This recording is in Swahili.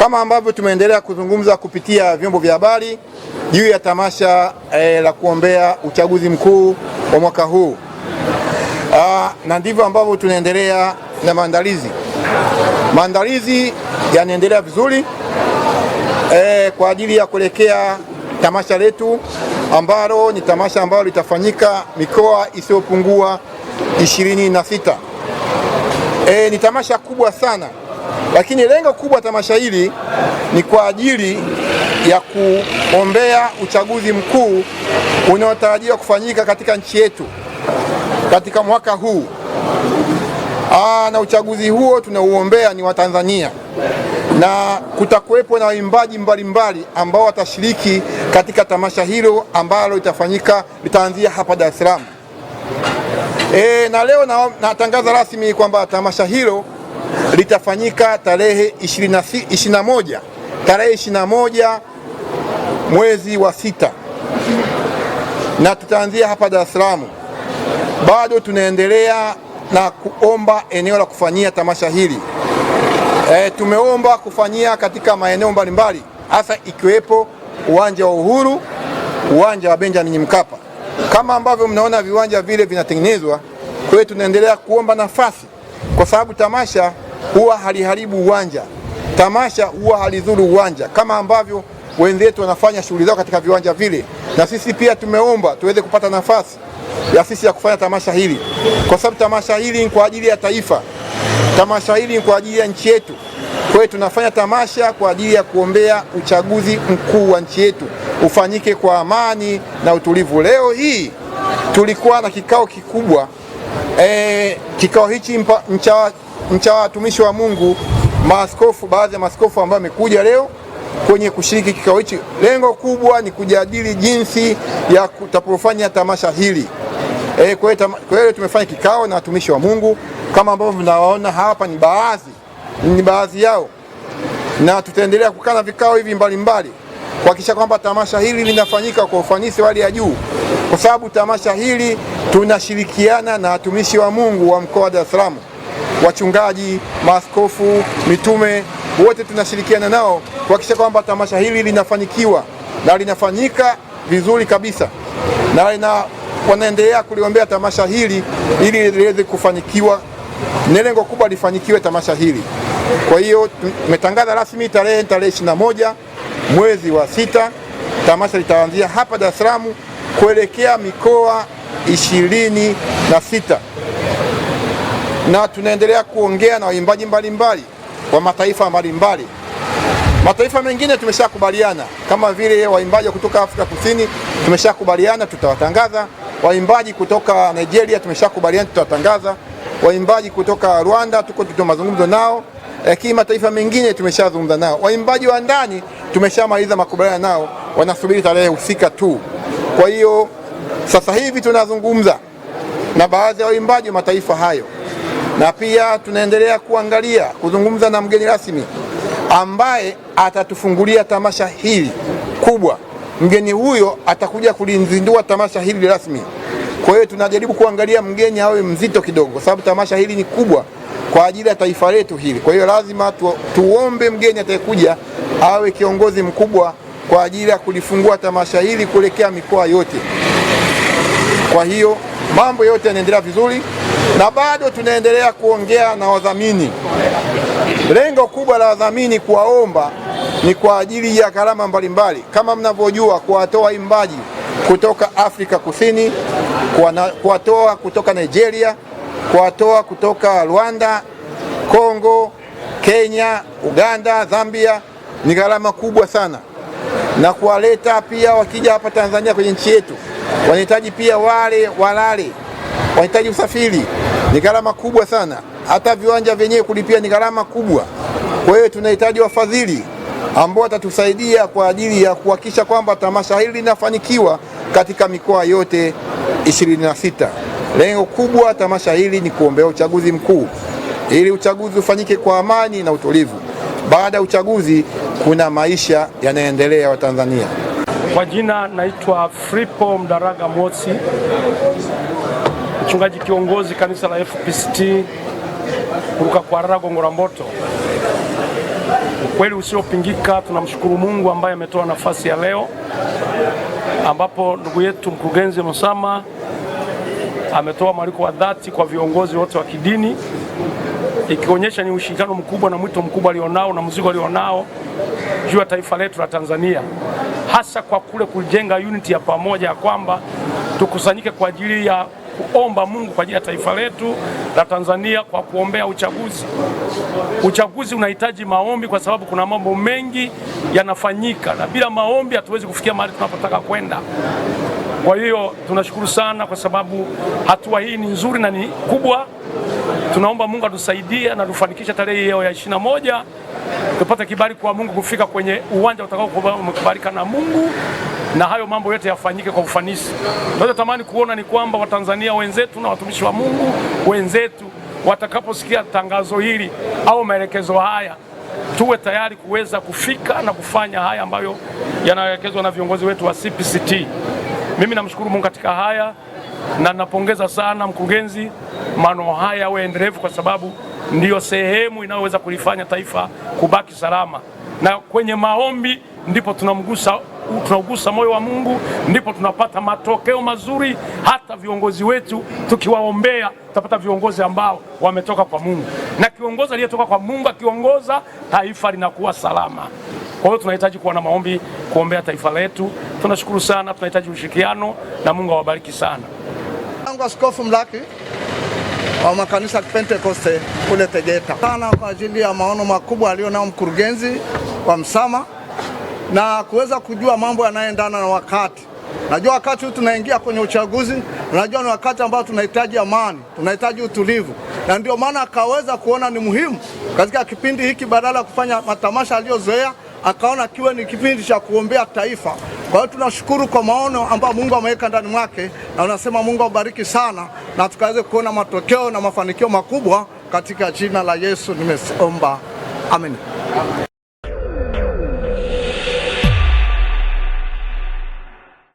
Kama ambavyo tumeendelea kuzungumza kupitia vyombo vya habari juu ya tamasha eh, la kuombea uchaguzi mkuu wa mwaka huu ah, na ndivyo ambavyo tunaendelea na maandalizi. Maandalizi yanaendelea vizuri eh, kwa ajili ya kuelekea tamasha letu ambalo ni tamasha ambalo litafanyika mikoa isiyopungua ishirini na sita. Eh, ni tamasha kubwa sana. Lakini lengo kubwa tamasha hili ni kwa ajili ya kuombea uchaguzi mkuu unaotarajiwa kufanyika katika nchi yetu katika mwaka huu. Aa, na uchaguzi huo tunauombea ni Watanzania na kutakuwepo na waimbaji mbalimbali ambao watashiriki katika tamasha hilo ambalo litafanyika litaanzia hapa Dar es Salaam. E, na leo natangaza na rasmi kwamba tamasha hilo litafanyika tarehe 21 tarehe 21 mwezi wa sita, na tutaanzia hapa Dar es Salaam. Bado tunaendelea na kuomba eneo la kufanyia tamasha hili. E, tumeomba kufanyia katika maeneo mbalimbali hasa ikiwepo uwanja wa Uhuru, uwanja wa Benjamin Mkapa. Kama ambavyo mnaona viwanja vile vinatengenezwa, kwa hiyo tunaendelea kuomba nafasi kwa sababu tamasha huwa haliharibu uwanja, tamasha huwa halidhuru uwanja, kama ambavyo wenzetu wanafanya shughuli zao katika viwanja vile, na sisi pia tumeomba tuweze kupata nafasi ya sisi ya kufanya tamasha hili, kwa sababu tamasha hili ni kwa ajili ya taifa, tamasha hili ni kwa ajili ya nchi yetu. Kwa hiyo tunafanya tamasha kwa ajili ya kuombea uchaguzi mkuu wa nchi yetu ufanyike kwa amani na utulivu. Leo hii tulikuwa na kikao kikubwa e, kikao hichi mpa, mchawa, mcha watumishi wa Mungu, maaskofu, baadhi ya maaskofu ambao wamekuja leo kwenye kushiriki kikao hichi. Lengo kubwa ni kujadili jinsi ya kutapofanya tamasha hili. E, kwa hiyo tumefanya kikao na watumishi wa Mungu kama ambavyo mnawaona hapa, ni baadhi ni baadhi yao, na tutaendelea kukaa na vikao hivi mbalimbali kuhakikisha kwamba tamasha hili linafanyika kwa ufanisi wa hali ya juu, kwa sababu tamasha hili tunashirikiana na watumishi wa Mungu wa mkoa wa Dar es Salaam wachungaji, maaskofu, mitume, wote tunashirikiana nao kuhakikisha kwamba tamasha hili linafanikiwa na linafanyika vizuri kabisa na ina, wanaendelea kuliombea tamasha hili ili liweze kufanikiwa ni lengo kubwa lifanikiwe tamasha hili. Kwa hiyo tumetangaza rasmi tarehe tarehe moja mwezi wa sita, tamasha litaanzia hapa Dar es Salaam kuelekea mikoa ishirini na sita na tunaendelea kuongea na waimbaji mbalimbali wa mataifa mbalimbali. Mataifa mengine tumeshakubaliana, kama vile waimbaji kutoka Afrika Kusini tumeshakubaliana, tutawatangaza. Waimbaji kutoka Nigeria tumeshakubaliana, tutawatangaza. Waimbaji kutoka Rwanda tuko tuto mazungumzo nao, lakini mataifa mengine tumeshazungumza nao. Waimbaji wa ndani tumeshamaliza makubaliano nao, wanasubiri tarehe husika tu. Kwa hiyo sasa hivi tunazungumza na baadhi ya waimbaji wa mataifa hayo na pia tunaendelea kuangalia kuzungumza na mgeni rasmi ambaye atatufungulia tamasha hili kubwa. Mgeni huyo atakuja kulizindua tamasha hili rasmi. Kwa hiyo tunajaribu kuangalia mgeni awe mzito kidogo, kwa sababu tamasha hili ni kubwa kwa ajili ya taifa letu hili. Kwa hiyo lazima tu, tuombe mgeni atakayekuja awe kiongozi mkubwa kwa ajili ya kulifungua tamasha hili kuelekea mikoa yote. Kwa hiyo mambo yote yanaendelea vizuri na bado tunaendelea kuongea na wadhamini. Lengo kubwa la wadhamini kuwaomba ni kwa ajili ya gharama mbalimbali, kama mnavyojua, kuwatoa imbaji kutoka Afrika Kusini, kuwatoa kutoka Nigeria, kuwatoa kutoka Rwanda, Kongo, Kenya, Uganda, Zambia ni gharama kubwa sana, na kuwaleta pia wakija hapa Tanzania kwenye nchi yetu wanahitaji pia wale walale, wanahitaji usafiri, ni gharama kubwa sana. Hata viwanja vyenyewe kulipia ni gharama kubwa. Kwa hiyo tunahitaji wafadhili ambao watatusaidia kwa ajili ya kuhakikisha kwamba tamasha hili linafanikiwa katika mikoa yote 26. Lengo kubwa tamasha hili ni kuombea uchaguzi mkuu ili uchaguzi ufanyike kwa amani na utulivu. Baada ya uchaguzi kuna maisha yanaendelea Watanzania. Kwa jina naitwa Fripo Mdaraga Mosi, mchungaji kiongozi kanisa la FPCT kuruka kwa Rara Gongora Mboto. Ukweli usiopingika, tunamshukuru Mungu ambaye ametoa nafasi ya leo ambapo ndugu yetu mkurugenzi Musama ametoa mwaliko wa dhati kwa viongozi wote wa kidini ikionyesha ni ushirikiano mkubwa na mwito mkubwa alionao na mzigo alionao juu ya taifa letu la Tanzania hasa kwa kule kujenga unity ya pamoja, ya kwamba tukusanyike kwa ajili ya kuomba Mungu kwa ajili ya taifa letu la Tanzania kwa kuombea uchaguzi. Uchaguzi unahitaji maombi, kwa sababu kuna mambo mengi yanafanyika, na bila maombi hatuwezi kufikia mahali tunapotaka kwenda. Kwa hiyo tunashukuru sana, kwa sababu hatua hii ni nzuri na ni kubwa. Tunaomba Mungu atusaidie na tufanikishe tarehe hiyo ya ishirini na moja tupate kibali kwa Mungu kufika kwenye uwanja utakaokubalika na Mungu na hayo mambo yote yafanyike kwa ufanisi. Tunachotamani kuona ni kwamba Watanzania wenzetu na watumishi wa Mungu wenzetu watakaposikia tangazo hili au maelekezo haya tuwe tayari kuweza kufika na kufanya haya ambayo yanayoelekezwa na viongozi wetu wa CPCT. Mimi namshukuru Mungu katika haya na napongeza sana mkurugenzi mano haya yawe endelevu, kwa sababu ndiyo sehemu inayoweza kulifanya taifa kubaki salama, na kwenye maombi ndipo tunamgusa tunaugusa moyo wa Mungu, ndipo tunapata matokeo mazuri. Hata viongozi wetu tukiwaombea, tutapata viongozi ambao wametoka kwa Mungu, na kiongozi aliyetoka kwa Mungu akiongoza taifa linakuwa salama. Kwa hiyo tunahitaji kuwa na maombi kuombea taifa letu. Tunashukuru sana, tunahitaji ushirikiano na Mungu awabariki sana. Askofu Mlaki wa makanisa Pentekoste kule Tegeta, sana kwa ajili ya maono makubwa aliyonao mkurugenzi wa Msama na kuweza kujua mambo yanayoendana na wakati. Najua wakati huu tunaingia kwenye uchaguzi, najua ni wakati ambao tunahitaji amani, tunahitaji utulivu, na ndio maana akaweza kuona ni muhimu katika kipindi hiki, badala ya kufanya matamasha aliyozoea akaona kiwe ni kipindi cha kuombea taifa. Kwa hiyo tunashukuru kwa maono ambayo Mungu ameweka ndani mwake, na unasema Mungu awabariki sana, na tukaweze kuona matokeo na mafanikio makubwa katika jina la Yesu nimeomba, amen.